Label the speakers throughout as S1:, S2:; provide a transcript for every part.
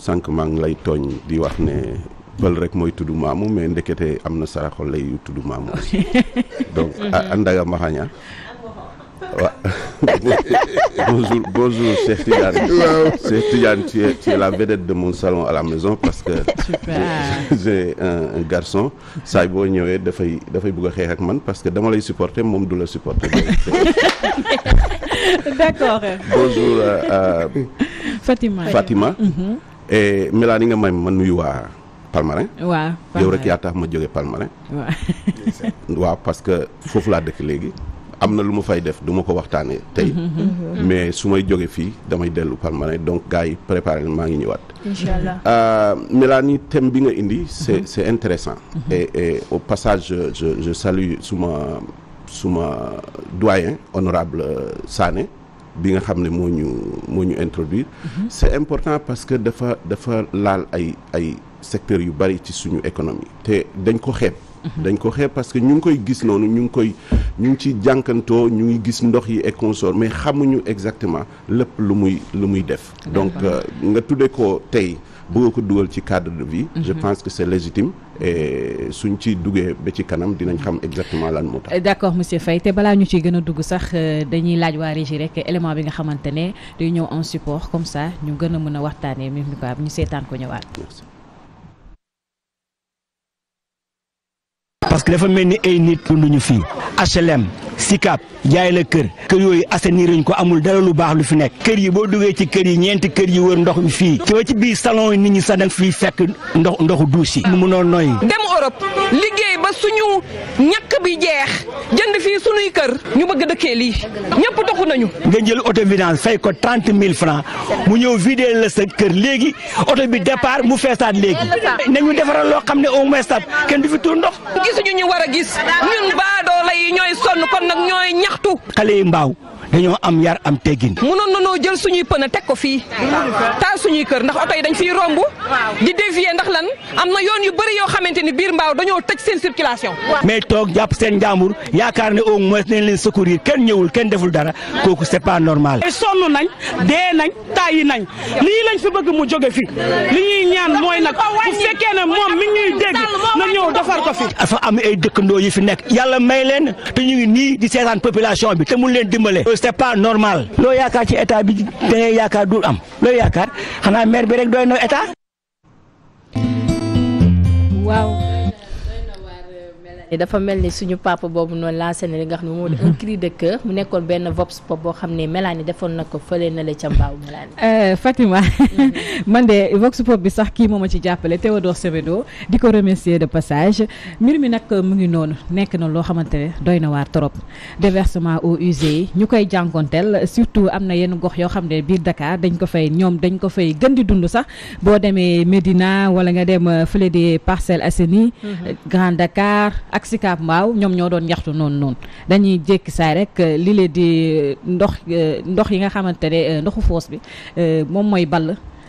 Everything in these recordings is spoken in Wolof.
S1: sànq maa ngi lay tooñ di wax ne pël rek mooy tudd maamu mais ndekete am na saraxo lay yu maamu aussi donc mhm. andaga maxaña waaw bonjour bonjour tu es, tu la vedette de mon salon que j'ai un, garçon saay boo ñëwee dafay dafay bëgg a xeex ak man parce que dama lay supporter moom du la supporter
S2: d'accord bonjour euh, euh, Fatima mhm.
S1: et eh, Mela ni nga may ma nuyu waa Palmarin. waaw yow rek yaa tax ma jóge Palmarin. waaw waaw parce que foofu laa dëkk léegi. am na lu ma fay def du ma ko waxtaanee tey. Mm-hmm. Mm-hmm. Mm-hmm. mais su may jóge fii damay dellu Palmarin donc gars yi préparé maa ngi ñëwaat. incha allah euh, Mélanie bi nga indi. c'est c'est intéressant. et et au passage je je je salue suma suma doyen honorable Sané. bi nga xam ne moo ñu moo ñu introduire mhm. c'est important parce que dafa dafa laal ay ay secteurs yu bari ci suñu économie te dañ ko xeeb mhm. dañ ko xeeb parce que ñu ngi koy gis noonu ñu ngi koy ñu ngi ci jànkantoo ñu ngi gis ndox yi et consort mais xamuñu exactement lépp lu muy lu muy def donc euh, nga tuddee ko tey bëgg ko dugal ci cadre de vie. Mhm. je pense que c'est légitime et suñ ci duggee ba ci kanam dinañ xam exactement lan moo tax.
S2: Euh, d'accord monsieur Faye te balaa ñu ci gën a dugg sax euh, dañuy laaj waa régie rek élément bi nga xamante ne day ñëw en support comme ça ñu gën a mën a waxtaanee mi mi ñu seetaan ko ñëwaat.
S3: parce que dafa mel ni ay nit dunduñu fii. HLM SICAP jaay la kër kër yooyu assainir ñu ko amul dara lu baax lu fi nekk kër yi boo duggee ci kër yi ñeenti kër yi wër ndox mi fii ci ci biir salon yi nit ñi sax da nga fekk ndox ndoxu douche yi mu mënoon noy dem Europe liggéey ba
S2: suñu ñàkk bi jeex jënd fii suñuy kër ñu bëgg dëkkee lii
S3: ñëpp doxu nañu nga jël auto vidange fay ko trente mille francs mu ñëw vidéel la sa kër léegi auto bi départ mu feesaat léegi nañu defaral loo xam ne au moins sax kenn du fi tuur ndox gisuñu ñu war a gis ñun yi ñooy sonn kon nag ñooy ñaxtu. xale yi mbaaw dañoo am yar am teggin. mënoon nanoo jël suñuy pën a teg ko fii. taal suñuy kër ndax oto yi dañ fiy romb. di dévier ndax lan am na yoon yu bëri yoo xamante ni biir mbaaw dañoo tëj seen circulation. mais toog jàpp seen njàmbur yaakaar ne au moins nañ leen secourir kenn ñëwul kenn deful dara kooku c'est pas normal. sonn nañ dee nañ tàyyi nañ lii lañ fi bëgg mu jóge fi li ñuy ñaan mooy nag bu fekkee ne moom mi ñuy dégg na ñëw defar ko fi. dafa am ay dëkkandoo yi fi nekk yàlla may leen te ñu ngi di seetaan population bi mu leen dimbale. c'est pas normal loo yaakaar ci état bi da ngay yaakaar am loo yaakaar xanaa maire bi rek doy na état.
S4: dafa mel ni suñu papa boobu noonu la na li nga xam ne moo di un cri de cœur mu nekkoon benn vox pop boo xam ne Mélanie defoon na ko fële na la ca mbaaw Mélanie.
S2: Euh, Fatima man de vox bi sax kii moom ma ci jàppale Théodore Semedo di ko remercier de passage mbir mi nag mu ngi noonu nekk na loo xamante ne doy na waar trop déversement eaux usées yi ñu koy jànkonteel surtout am na yenn gox yoo xam ne biir Dakar dañ ko fay ñoom dañ ko fay gën di dund sax boo demee Médina wala nga dem fële des Parcelles ak Sicap Mbao ñoom ñoo doon ñaxtu noonu noonu dañuy jékki saay rek euh, li lee di euh, ndox euh, ndox yi nga xamante ne ndoxu foos bi moom mooy ball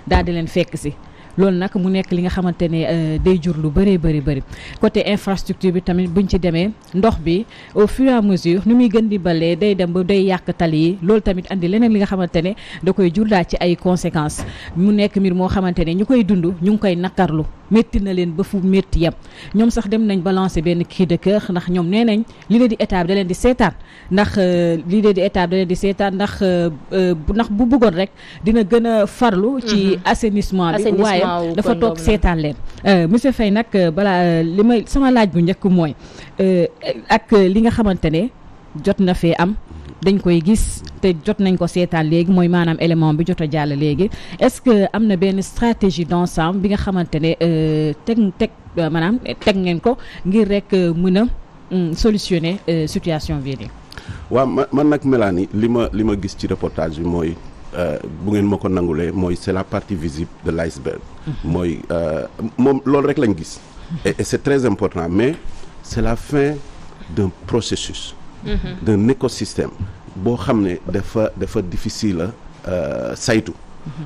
S2: daal di leen fekk si loolu nag mu nekk li nga xamante ne euh, day jur lu bëree bëri bëri côté infrastructure bi tamit buñ ci demee ndox bi au fur et à mesure nu muy gën di balee day dem ba day yàq tali yi loolu tamit indi leneen li nga xamante ne da koy jur daal ci ay conséquences mu nekk mbir moo xamante ne ñu koy dund ñu ngi koy nakarlu métti na leen ba fu métti yem ñoom sax dem nañ balancer benn kii de ndax ñoom nee nañ li leen di état daleen di seetaan ndax euh, li leen di état bi di seetaan ndax euh, ndax bu bëggoon rek dina gën a farlu ci mm-hmm. assainissement bi leen dafa toog seetaan leen euh, monsieur fay nag euh, balaa euh, li may sama laaj bu njëkk mooy ak li nga xamante ne jot na fee am dañ koy gis te jot nañ ko seetaan léegi mooy maanaam élément bi jot a jàll léegi est-ce que am na benn stratégie d'ensemble bi nga xamante ne teg teg maanaam teg ngeen ko ngir rek mën a hmm, solutionner situation bii nii.
S1: ma man nag Mélanie li ma li ma gis ci reportage bi mooy. Euh, bu ngeen ma ko nangulee mooy c'est la partie visible de l'iceberg mooy euh, moom loolu rek lañ gis et c'est très important mais c'est la fin d'un processus d'un écosystème boo xam ne dafa dafa difficile a euh, saytu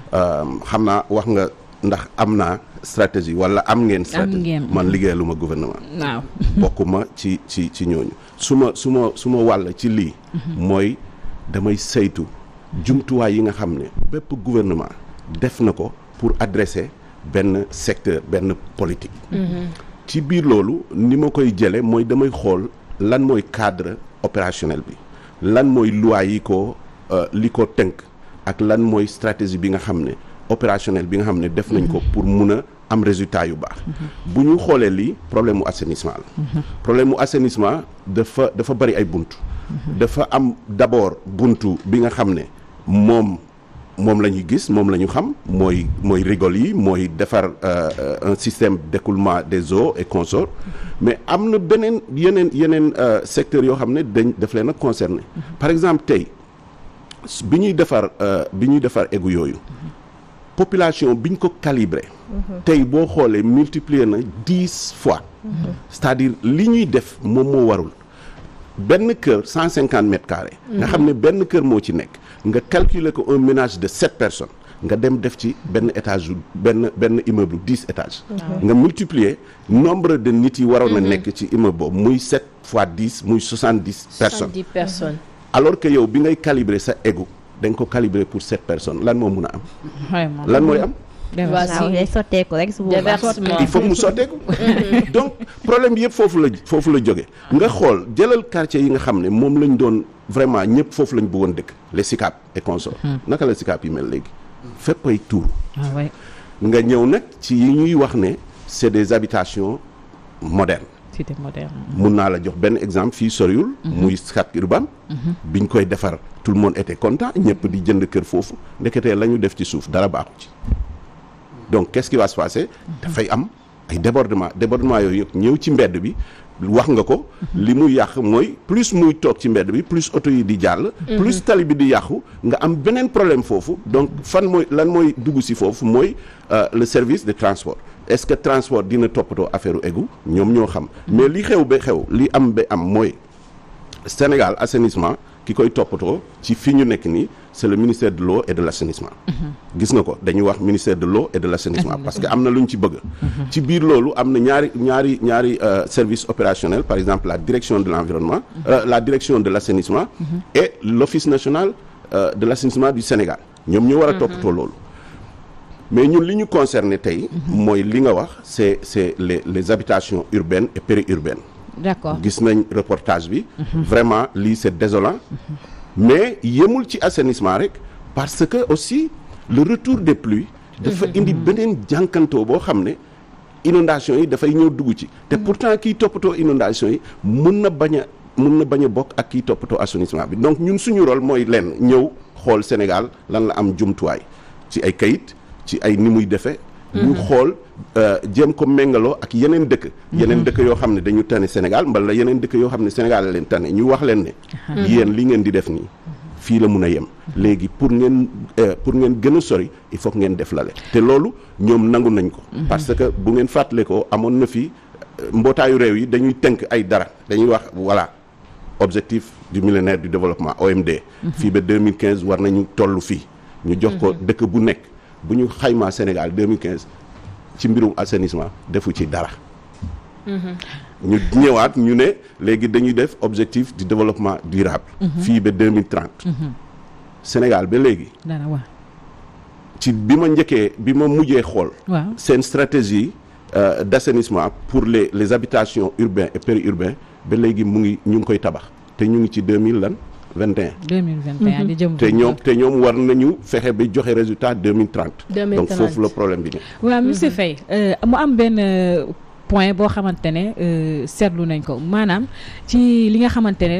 S1: xam naa wax nga ndax am naa stratégie wala am ngeen stratégie man liggéeyalu ma gouvernement waaw bokkuma ci ci ci ñooñu suma suma suma ma wàll ci lii mhm. mooy damay saytu jumtuwaay yi nga xam ne bépp gouvernement def na ko pour adresser benn secteur benn politique. Mm-hmm. ci biir loolu ni ma koy jëlee mooy damay xool lan mooy cadre opérationnel bi lan mooy loi yi ko euh, li ko tënk ak lan mooy stratégie bi nga xam ne opérationnel bi nga xam ne def nañ ko mm-hmm. pour mun a am résultat yu baax. Mm-hmm. bu ñu xoolee lii problème mu assainissement la. problème mu assainissement dafa dafa bari ay buntu. dafa am d'abord bunt bi nga xam ne. moom moom la ñuy gis moom la ñu xam mooy mooy rigole yi mooy defar euh, euh, un système d'écoulement des eaux et consorts mais am na beneen yeneen yeneen euh, secteur yoo xam ne dañ daf leen a concerné par exemple tey bi ñuy defar bi ñuy defar égout yooyu population bi ñu ko calibré tey boo xoolee multiplier na dix fois cest à li ñuy def moom moo warul benn kër cent cinquante mètres carrés nga xam ne benn kër moo ci nekk nga calculer ko un ménage de sept personnes nga dem def ci benn étage benn benn immeuble dix étages nga multiplier nombre de nit yi waroon a mm-hmm. nekk ci immeuble boobu muy sept fois dix muy soixante dix personnes personnes alors que yow bi ngay calibrer sa égout da ko calibrer pour sept personnes lan moo mun a am lan mooy am
S2: waaw day
S4: sotteeku rek su boobaa il faut mu
S1: mhm. problème yëpp foofu la foofu la jóge nga xool jëlal quartier yi nga xam ne moom lañ doon vraiment ñëpp foofu lañu bëggoon dëkk les SICAP et consorts hmm. naka la SICAP yi mel léegi fépp ay tuuru ah nga ñëw nag ci yi ñuy wax ne c'est des habitations modernes cité moderne mun naa la jox benn exemple fii soriwul hmm. muy scat urbain hmm. biñ koy defar tout le monde était content ñëpp di jënd kër foofu ndeketee la ñu def ci suuf dara baaxu ci donc qu'est-ce qui va se passer dafay am ay débordement débordement yooyu yëpp ñëw ci mbedd bi wax nga ko li mu yàq mooy plus muy toog ci mbedd bi plus auto yi di jàll mhm. plus tali bi di yàqu nga am beneen problème foofu donc fan mooy lan mooy dugg si foofu mooy euh, le service de transport est-ce que transport dina toppatoo affaire u ñoom ñoo xam mais li xew ba xew li am ba am mooy Sénégal assainissement ki koy toppatoo ci fi ñu nekk nii c'est le ministère de l'eau et de l'assainissement gis nga ko dañuy wax ministère de l'eau et de l'assainissement parce que am na lu ñu ci bëgg mhm. ci biir loolu am na ñaari ñaari ñaari euh, service opérationnel par exemple la direction de l'environnement mhm. euh, la direction de l'assainissement mhm. et l'office national euh, de l'assainissement du Sénégal ñoom ñoo war a toppatoo loolu mais ñun li ñu concerné tey mooy li nga wax c'est c'est les les habitations urbaines et périurbaines d'accord gis nañ reportage bi. vraiment lii c'est désolant. mais yemul ci assainissement rek parce que aussi le retour des pluies. dafa indi beneen jànkantoo boo xam ne. inondation yi dafay ñëw dugg ci te mm-hmm. pourtant kiy toppatoo inondation yi mun na bañ mun na bañ a bokk ak kiy toppatoo assainissement bi donc ñun suñu rôle mooy leen ñëw xool Sénégal lan la am jumtuwaay ci ay kayit ci ay ni muy defee ñu mhm. xool euh, jéem ko méngaloo ak yeneen dëkk mhm. yeneen dëkk yoo xam ne dañu tane Sénégal mbala yeneen dëkk yoo xam ne Sénégal leen tane ñu wax leen ne mhm. yéen li ngeen di def nii fii la mun a yem léegi pour ngeen euh, pour ngeen gën a sori il faut ngeen def lale te loolu ñoom nangu nañ ko parce que bu ngeen fàttale ko amoon na fii euh, mbootaayu réew yi dañuy tënk ay dara dañuy wax voilà objectif du millénaire du développement OMD fii ba 2015 war nañu tollu fii ñu jox ko dëkk bu nekk bu ñu xaymaa Sénégal 2015 ci mbirum assainissement defu ci dara. Mm-hmm. ñu ñëwaat ñu ne léegi dañuy def objectif du développement durable. Mm-hmm. fii ba 2030. Mm-hmm. Sénégal ba léegi. dara ci bi ma njëkkee bi ma mujjee xool. waaw seen stratégie euh, d' assainissement pour les les habitations urbains et périurbains ba léegi mu ngi ñu ngi koy tabax te ñu ngi ci 2000 lan.
S2: Mhm. te
S1: ñoom te ñoom war nañu fexe ba joxe résultat 2030. 2030 donc foofu la problème bi ne.
S2: waaw monsieur Faye euh, mu am benn. Euh, point boo xamante ne euh, seetlu nañ ko maanaam ci li nga xamante ne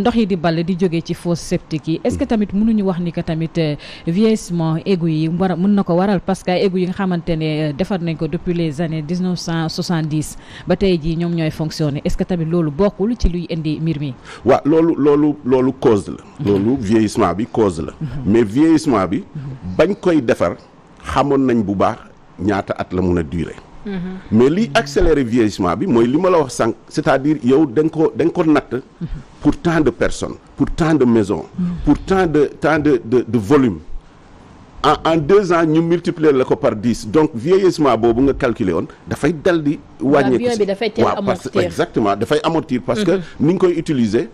S2: ndox yi di ball di jóge ci fosse septique yi est-ce que tamit mënuñu wax ni que tamit euh, vieillissement égout yi war mën na ko waral parce que égout yi nga xamante ne euh, defar nañ ko depuis les années dix neuf cent soixante dix ba tey jii ñoom ñooy fonctionner est-ce que tamit loolu bokkul ci luy indi mbir mi.
S1: waa loolu loolu loolu cause la. loolu vieillissement bi cause la. Mhm. mais vieillissement bi. Mhm. bañ koy defar xamoon nañ bu baax ñaata at la mun a durer. Mm-hmm. mais liy accélérer vieillissement bi mooy li ma la wax sànq c'est-à-dire yow da nga ko da ko natt mm-hmm. pour tant de personne pour tant de maisons mm-hmm. pour tant de tant de de de volume en en deux ans ñu multiplier la ko par dix donc vieillissement boobu nga calculer woon dafay dal di wàññeeku si waaw parce que exactement dafay amortir parce que ni nga koy utiliser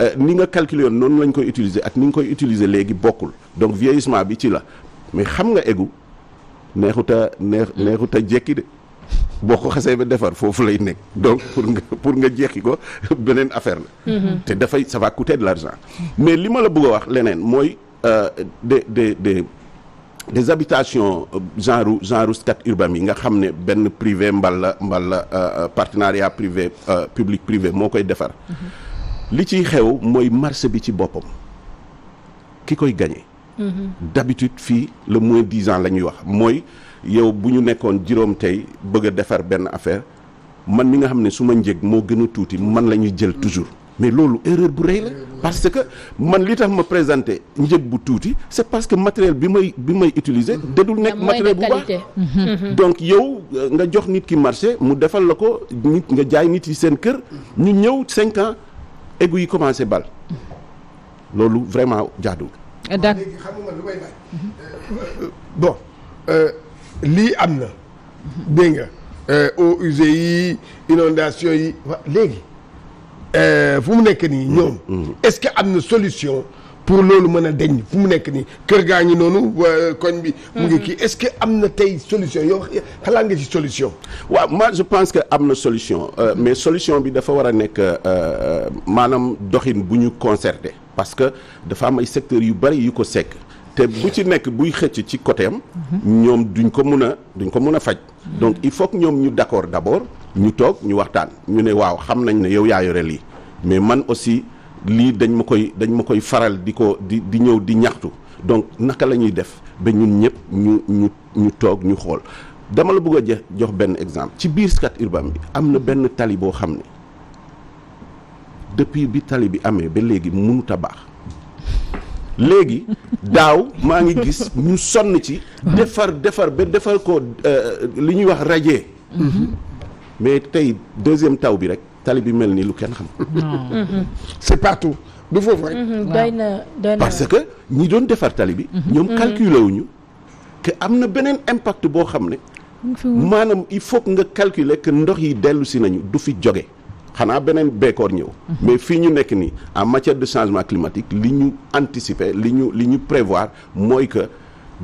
S1: euh, ni nga calculer woon noonu lañ koy utiliser ak ni nga koy utiliser léegi bokkul donc vieillissement bi ci la mais xam nga égu neexut a neex neexut a jekki boo ko xasee ba defar foofu lay nekk donc pour nga pour nga jeexi ko beneen affaire na mm-hmm. te dafay ça va coûter de l'argent. mais li ma la bëgg wax leneen mooy euh, de des des des habitations euh, genre genre scat urbam yi nga xam ne benn privé mbala mbala euh, partenariat privé public privé moo koy defar. Mm-hmm. li ciy xew mooy marché bi ci boppam ki koy gagné. Mm-hmm. d'habitude fii le mois dix ans la ñuy wax mooy. yow bu ñu nekkoon juróom tey bëgg a defar benn affaire man mi nga xam ne su ma njëg moo gën a tuuti man la ñuy jël toujours mais loolu erreur bu rëy la parce que man li tax ma présenté njëg bu tuuti c'est parce que matériel bi may bi may utiliser mhm. dadul nekk matériel bu baax mhm. donc yow euh, nga jox nit ki marché mu defal la ko nit nga jaay nit yi seen kër ñu ñëw cinq ans égout yi commencé bal loolu vraiment jaaduwul. Ah, d'accord lii am na dégg nga euh, eaux usées yi inondation yi wa léegi euh, fu mu nekk nii ñoom mm, mm, mm. est-ce que am na solution pour loolu mën a deñ fu mu nekk nii kër gaa ngi noonu koñ bi mu ngi mm-hmm. kii est-ce que am na tey solution yow xalaat nga ci solution waaw moi je pense que am na solution euh, mais solution bi dafa war a nekk maanaam doxin bu ñu concerté parce que dafa am ay secteurs yu bari yu ko sekk te bu ci nekk buy xëcc ci côté am. ñoom duñ ko mun a duñ ko mun a faj. donc il faut ñoom ñu d'accord d'abord ñu toog ñu waxtaan ñu ne waaw xam nañ ne yow yaa yore lii mais man aussi lii dañ ma koy dañ ma koy faral di ko di di ñëw di ñaxtu donc naka la ñuy def ba ñun ñëpp ñu ñu ñu toog ñu xool dama la bëgg a jox benn exemple. ci biir Scat Urbam bi am na benn tali boo xam ne depuis bi tali bi amee ba léegi mënut a baax. léegi daaw maa ngi gis ñu sonn ci defar defar ba defar ko euh, li ñuy wax radier mais tey deuxième taw bi rek tali bi mel ni lu kenn xam c'est mhm,
S4: na parce
S1: que ñi doon defar tali bi mhm. ñoom mhm. calculer wuñu que am na beneen impact boo xam ne maanaam il faut nga calculer que ndox yi dellusi nañu du fi jóge xanaa beneen bekkoor ñëw mais fii ñu nekk nii en matière de changement climatique li ñu anticiper li ñu li ñu prévoir mooy que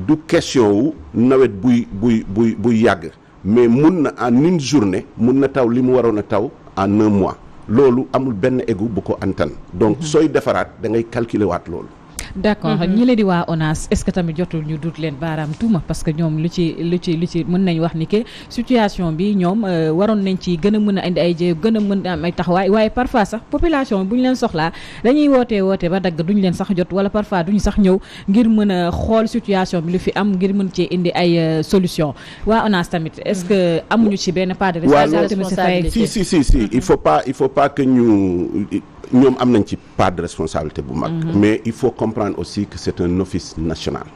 S1: du question wu nawet buy buy buy buy yàgg mais mun na en une journée mun na taw li mu waroon a taw en un mois loolu amul benn égout bu ko antan donc mhm. sooy defaraat da ngay calculer waat loolu
S2: d' accord mhm. ñi la di waa ONAS est ce que tamit jotul ñu duut leen baaraam tuuma parce que ñoom lu ci lu ci lu ci mën nañ wax ni que situation bi ñoom euh, waroon nañ ci gën a mën a indi ay jéego gën a mën a am ay taxawaay waaye parfois sax population bu ñu leen soxlaa dañuy wootee woote ba dagg duñu leen sax jot wala parfois duñu sax ñëw ngir mën a xool situation bi lu fi am ngir mën cee indi ay euh, solution waa ONAS tamit est ce que mhm. amuñu ci benn part de responsabilité si si
S1: si si mhm. il faut pas il faut ñu ñoom am nañ ci part de responsabilité bu mag. Mhm. mais il faut comprendre aussi que c'est un office national.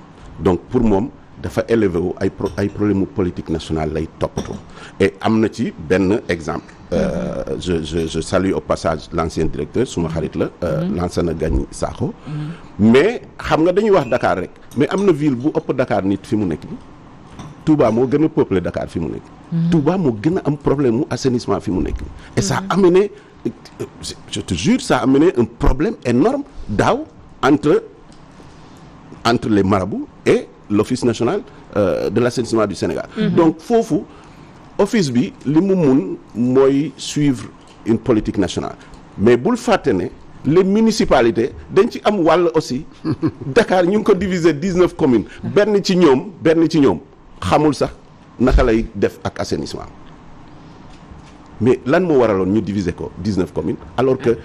S1: donc pour moom dafa élevé wu ay pro ay problème mu politique nationale lay toppatoo et am na ci benn exemple. Euh, mhm. je je je salue au passage l'ancien directeur suma xarit la. Euh, mhm. Lansana Gagny Sakho. mais xam nga dañuy wax Dakar rek. mais am na ville bu ëpp dakaar nit fi mu nekk nii. Touba moo gën a peuplé Dakar fi mu nekk. am problème mu assainissement fi mu nekk nii. et ça a amené je te ça a un problème énorme daaw entre entre les marabouts et l'office national euh, de l'assainissement du Sénégal mm -hmm. donc foofu office bi li mu mun mooy suivre une politique nationale mais bul fàtte ne les municipalités dañ ci am wàll aussi dakaar ñu ko diviser dix-neuf communes benn ci ñoom benn ci ñoom xamul sax naka lay def ak assainissement mais lan moo waraloon ñu diviser ko dix 19 commune alors que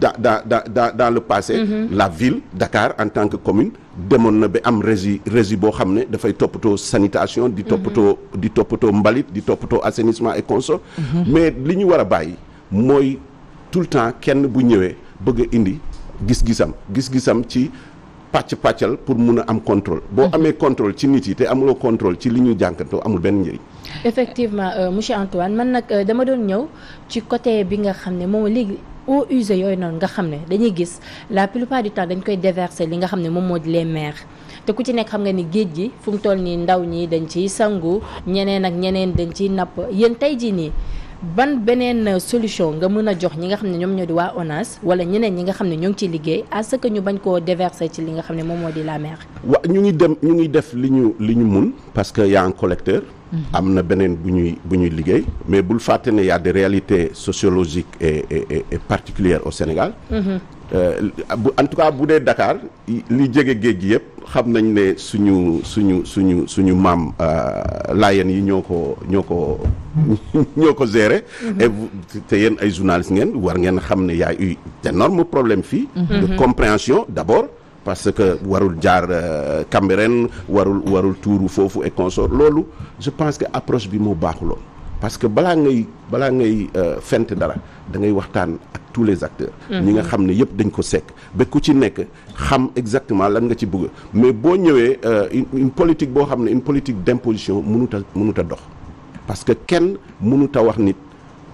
S1: da da da da dans le passé mm-hmm. la ville Dakar en tant que commune demoon na ba am régie régi boo xam ne dafay toppatoo sanitation di toppatoo mm-hmm. di toppatoo mbalit di toppatoo assainissement et consort mm mm-hmm. mais li ñu war a bàyyi mooy tout le temps kenn bu ñëwee bëgg indi gis-gisam gis-gisam ci pàcc pàccal pour mun a am contrôle boo mhm. amee contrôle ci nit yi te amuloo contrôle ci li ñuy jànkantoo amul benn njëriñ.
S4: effectivement euh, monsieur Antoine man nag euh, dama doon ñëw ci côté bi nga xam ne moom léegi eaux usées yooyu noonu nga xam ne dañuy gis la plupart du temps dañ koy déverser li nga xam ne moom moo di les mers te ku ci nekk xam nga ni géej gi fu mu toll nii ndaw ñi dañ ciy sangu ñeneen ak ñeneen dañ ciy napp yéen tey jii nii. ban beneen euh, solution nga mën a jox ñi nga xam ne ñoom ñoo di waa ONAS wala ñeneen ñi nga xam ne ñoo ngi ciy liggéey à ce ñu bañ koo déverser ci li nga xam ne moom moo di la mer.
S1: wa ñu ngi dem ñu ngi def li ñu li ñu mun parce que y collecteur. Mm-hmm. am na beneen bu ñuy bu ñuy liggéey mais bul fàtte ne y a des et et et particulières au Sénégal. Mm-hmm. Euh, bu en tout cas bu dee dakaar li jege géej gi yëpp xam nañ ne suñu suñu suñu suñu maam euh, laayeen yi ñoo ko ñoo ko ñoo ko gérer. Mhm. te yéen ay journalistes ngeen war ngeen xam ne y a eu problème problèmes fii. Mhm. de mhm. compréhension d'abord. parce que warul jaar euh, Cambérène warul warul tuuru foofu et consort loolu je pense que approche bi moo baaxuloon. parce que balaa ngay balaa ngay euh, fent dara da ngay waxtaan ak tous les acteurs mm-hmm. ñi nga xam ne yëpp dañ ko sekk ba ku ci nekk xam exactement lan nga ci bëgg mais boo ñëwee euh, une politique boo xam ne une politique d'imposition mënut a mënut a dox parce que kenn mënut a wax nit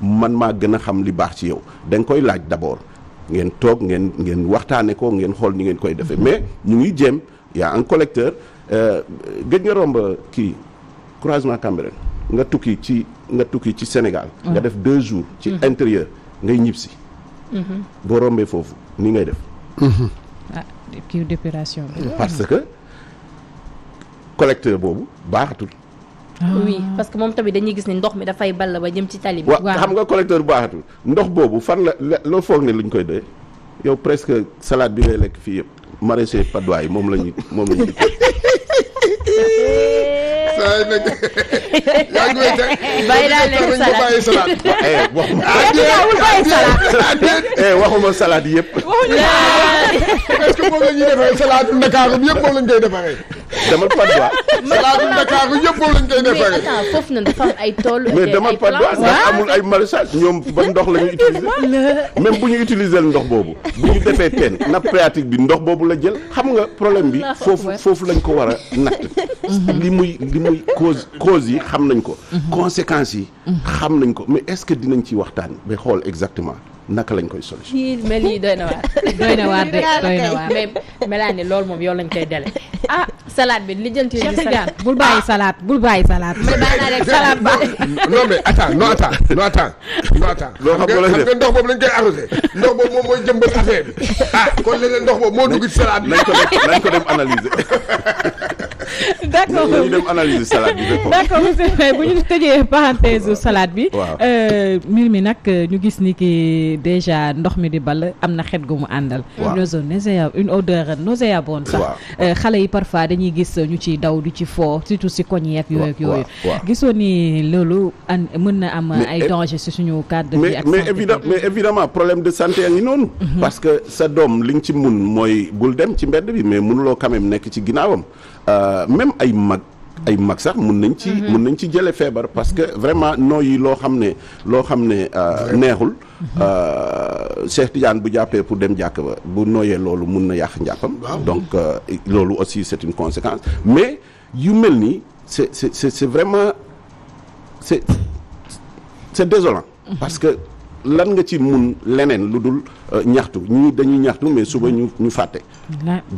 S1: man maa gën a xam li baax ci yow da koy laaj d'abord ngeen toog ngeen ngeen waxtaane ko ngeen xool ni ngeen koy defee mais ñu ngi jéem y en un collecteur euh, gëj nga romb kii croisement Cambérène nga tukki ci nga tukki ci Sénégal. nga def deux jours ci mm-hmm. intérieur ngay ñib si. Mm-hmm. boo rombee foofu ni ngay def. Mm-hmm.
S2: ah kii parce
S1: que collecteur boobu baaxatul.
S2: Ah. oui parce
S4: que moom tamit dañuy gis ne ndox mi dafay ball ba jëm ci tali bi. waaw xam
S1: nga collecteur baaxatul ndox boobu fan la loo foog ne luñ koy doyee yow presque salade bi ngay lekk fii yëpp maraîcher padois yi moom la ñuy moom la ñuy
S4: saa yi nag yaa ngi
S3: may tey. bàyyi
S4: laa leen
S1: salade eh, waxuma eh, salade yëpp.
S3: est-ce que moom la ñuy defaree salade Ndakaaru
S1: yëpp moom lañ koy defaree. demal Patte d'Oie.
S3: salade bu Ndakaaru lañ koy defaree. mais foofu
S4: nag ay tool. mais demal Patte d'Oie ndax
S1: ay maraîchage ñoom ba ndox la ñu
S4: utiliser.
S1: même bu ñu utiliser ndox boobu. bu ñu defee teen nappe phréatique bi ndox boobu la jël xam nga problème bi foofu foofu lañ ko war a natt. Mhm. li muy cause cause yi xam nañ ko. Mhm. conséquences yi. Mhm. xam nañ ko mais est-ce que dinañ ci waxtaan ba xool exactement. naka lañ koy solution.
S4: kii mel yi na waar. loolu moom yow lañ koy dele salade bi lijjanti leen di salade
S2: bul bàyyi ah. salade bul bàyyi salade. mais
S4: bàyyi
S1: naa rek salade ba. non mais attends non attends non attends non attends. loo xam nga xam nga ndox boobu lañ koy arrosé ndox boobu moom mooy jëmbat affaire bi ah kon léeg-léeg ndox boobu moo dugg ci salade bi. nañ ko dem nañ ko dem analyser. d' accord ñu dem analyse salade bi d'
S2: accord monsieur Faye bu ñu tëjee parenthèse salade bi. Euh, mbir mi nag euh, ñu gis ni ki déjà ndox mi di bal am na xet gu mu àndal. waaw une odeur nauséabonde sax. Euh, xale yi parfois dañuy gis ñu ciy daw di ci foo surtout si koñ yeeg yooyu ak yooyu. gisoo ni loolu an mën na am. ay danger si suñu cadre bi ak mais
S1: mais évidemment problème de santé a ngi noonu. Mhm. parce que sa doom li ñu ci mun mooy bul dem ci mbedd bi mais mënuloo quand même nekk ci ginnaawam. Euh, même ay mag ay mag sax mun nañ ci mun mhm. nañ ci jële feebar parce que vraiment nooyi loo xam ne loo xam ne euh, neexul mhm. euh, Cheikh Tidiane bu jàppee pour dem jàkk ba bu nooyee loolu mun na yàq njàppam donc loolu aussi c'est une conséquence mais yu mel nii c'est c'est vraiment c'est c'est désolant mhm. parce que lan nga ci mun leneen lu dul euh, ñaxtu ñi dañuy ñaxtu mais suba ñu ñu fàtte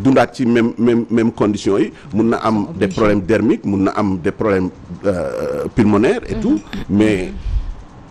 S1: dundaat ci même même même condition yi mun na am des problème dermique mun na am des problèmes euh, pulmonaires et mmh. tout mais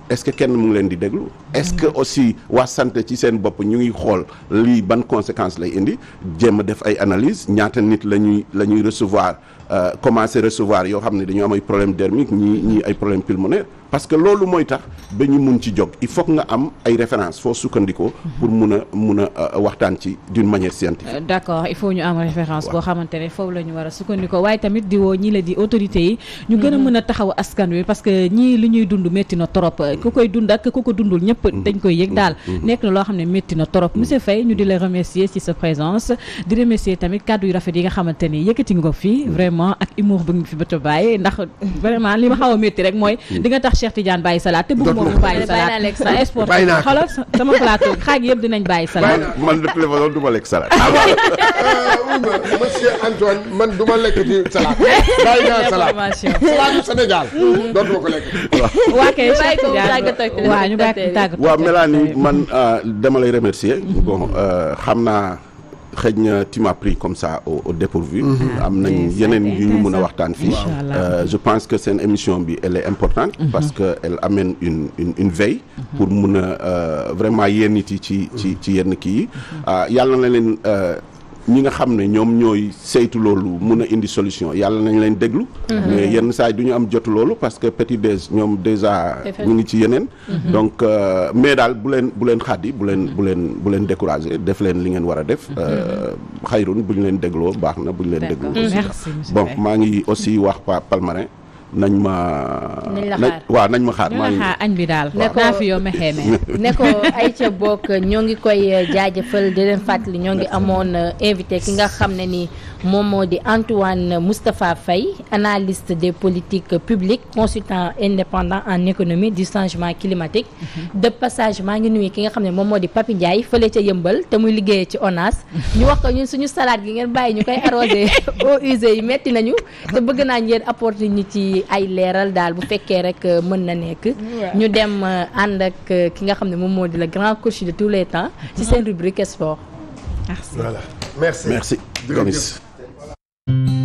S1: est-ce que kenn mu ngi leen di déglu est-ce que aussi waa santé ci seen bopp ñu ngi xool lii ban conséquence lay indi jéem a def ay analyse ñaata nit la ñuy la ñuy recevoir euh, commencer recevoir yoo xam ne dañoo am ay problème dermique ñi ñi ay problème pulmonaire parce que loolu mooy tax ba ñu mun ci jóg il faut nga am ay références foo sukkandikoo. pour mun a mun a euh, waxtaan ci d'une manière scientifique.
S2: Euh, d'accord il faut ñu am référence boo xamante ne foofu la ñu war a waaye tamit di woo ñii la di autorités yi. ñu gën a mm-hmm. mën a taxaw askan wi parce que ñii li ñuy dund métti na trop. ku koy dund ak ku ko dundul ñëpp. ñëpp dañ koy yëg daal mm-hmm. Mm-hmm. nekk na loo xam ne métti na torop mm-hmm. monsieur Faye ñu di la remercier ci sa présence di remercier tamit kàddu yu rafet yi nga xamante ni yëkkati nga ko fii vraiment ak humour bu ngi fi bët bàyyi ndax li ma xaw a rek mooy di nga tax Cheikh Tidiane bàyyi salaat te bëgg moom bàyyi salaat sport xoolal sama plateau xaaj yëpp dinañ bàyyi salaat
S1: man du ma lekk salaat ah,
S2: euh,
S1: monsieur Antoine man du ma lekk ci salaat bàyyi naa ma salaatu ko lekk waa kay Cheikh Tidiane ñu bàyyi ko waaw Mélanie man euh, dama lay remercier bon euh, xam naa xëy na tu pris comme ça au, au dépourvu mm-hmm. am ah, nañ yeneen yu ñu mun a waxtaan fii euh, je pense que seen émission bi elle est importante mm-hmm. parce que elle amène une une une veille mm-hmm. pour mun a euh, vraiment yéen yi ci ci ci yenn kii yi ah, yàlla na leen ñi nga xam ne ñoom ñooy saytu loolu mun a indi solution yàlla nañ leen déglu mhm. mais yenn saa yi du ñu am jot loolu parce que petit déj ñoom déjà ñu ngi ci yeneen mhm. donc euh, mais daal bu leen bu leen xaddi bu leen bu leen bu leen découragé def leen li ngeen war a def mhm. euh, xayrun bu ñu leen dégloo baax na bu ñu leen déglu bon maa ngi aussi wax pa Palmarin nañ ma. nañ la xaar waaw ma xaar.
S2: añ bi daal. ne ko naa fi Bokk
S4: ñoo ngi koy eh, jaajëfal di leen fàttali ñoo ngi amoon eh, invité ki nga xam ne ni moom moo di Antoine Moustapha Faye analyste des politiques publiques consultant indépendant en économie di changement climatique. Mhm. de passage maa ngi nuyu ki nga xam ne moom moo di Papi Ndiaye fële ca Yëmbal te muy liggéeyee ci ONAS. ñu wax ko ñun suñu salade gi ngeen bàyyi ñu koy arrosé eaux usées yi metti nañu te bëgg naa ngeen apporter ci ay leeral daal bu fekkee rek euh, mën na nekk. ñu dem euh, ànd ak euh, ki nga xam ne moom moo di le grand coach de tous les temps. ci seen mm-hmm. rubrique sport.
S1: merci merci merci.